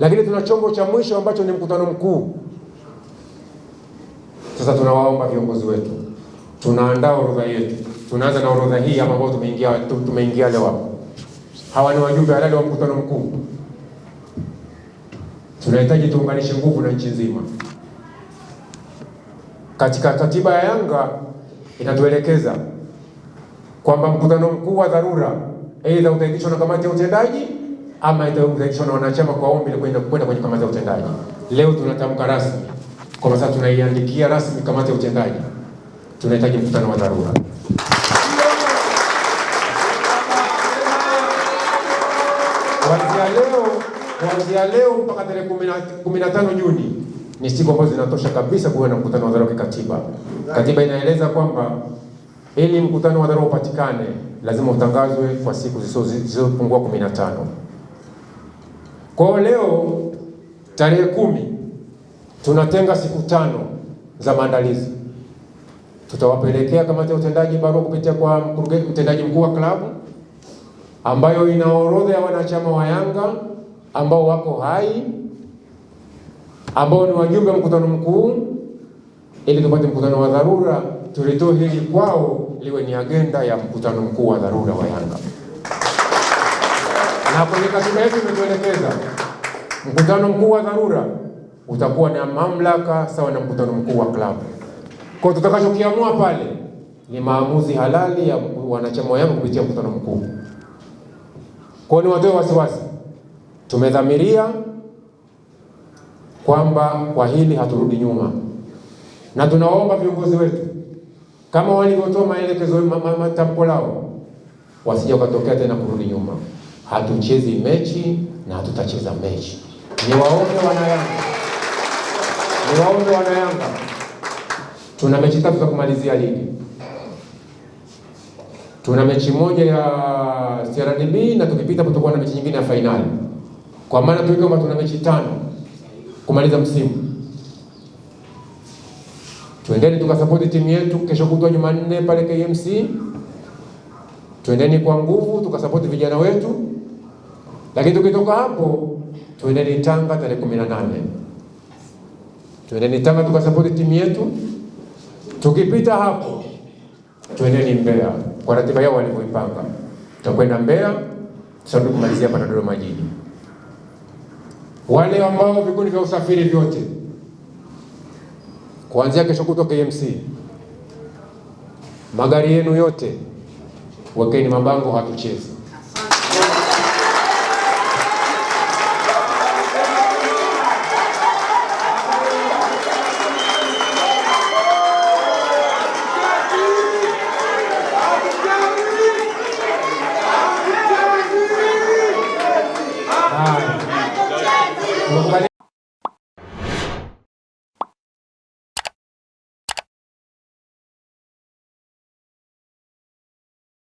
lakini tuna chombo cha mwisho ambacho ni mkutano mkuu. Sasa tunawaomba viongozi wetu, tunaandaa orodha yetu, tunaanza na orodha hii ambayo tumeingia tumeingia leo hapo. Hawa ni wajumbe halali wa mkutano mkuu. Tunahitaji tuunganishe nguvu na nchi nzima. Katika katiba ya Yanga inatuelekeza kwamba mkutano mkuu wa dharura aidha utaitishwa na kamati ya utendaji ama itaidhinishwa na wanachama kwa ombi kwenda kwenye kamati ya utendaji. Leo tunatamka rasmi kwa sasa tunaiandikia rasmi kamati ya utendaji, tunahitaji mkutano wa dharura. Kuanzia leo mpaka tarehe kumi na tano Juni ni siku ambazo zinatosha kabisa kuwa na mkutano wa dharura kikatiba. Katiba inaeleza kwamba ili mkutano wa dharura upatikane lazima utangazwe kwa siku zisizopungua kumi na tano. Kwa leo tarehe kumi tunatenga siku tano za maandalizi. Tutawapelekea kamati ya utendaji barua kupitia kwa mkurugenzi mtendaji mkuu wa klabu ambayo ina orodha ya wanachama wa Yanga ambao wako hai ambao ni wajumbe wa mkutano mkuu, ili tupate mkutano wa dharura, tulitoe hili kwao liwe ni agenda ya mkutano mkuu wa dharura wa Yanga na kwenye katiba yetu imetuelekeza mkutano mkuu wa dharura utakuwa na mamlaka sawa na mkutano mkuu wa klabu. Kwa tutakachokiamua pale ni maamuzi halali ya wanachama wangu kupitia mkutano mkuu. Kwa ni watoe wasiwasi, tumedhamiria kwamba kwa hili haturudi nyuma, na tunawaomba viongozi wetu kama walivyotoa maelekezo matamko lao, wasije wakatokea tena kurudi nyuma hatuchezi mechi na hatutacheza mechi. Niwaombe wanayanga, niwaombe wanayanga, tuna mechi tatu za kumalizia ligi. Tuna mechi moja ya CRDB na tukipita tutakuwa na mechi nyingine ya fainali, kwa maana tu kwamba tuna mechi tano kumaliza msimu. Twendeni tukasapoti timu yetu kesho kutwa Jumanne pale KMC. Twendeni kwa nguvu tukasapoti vijana wetu. Lakini tukitoka hapo tuendeni Tanga tarehe kumi na nane tuendeni Tanga tukasapoti timu yetu. Tukipita hapo tuendeni Mbeya kwa ratiba yao walivyoipanga, tutakwenda Mbeya sababu kumalizia hapa Dodoma jiji. Wale ambao vikundi vya usafiri vyote kuanzia kesho kutwa KMC, magari yenu yote wekeni mabango, hatuchezi Gracias.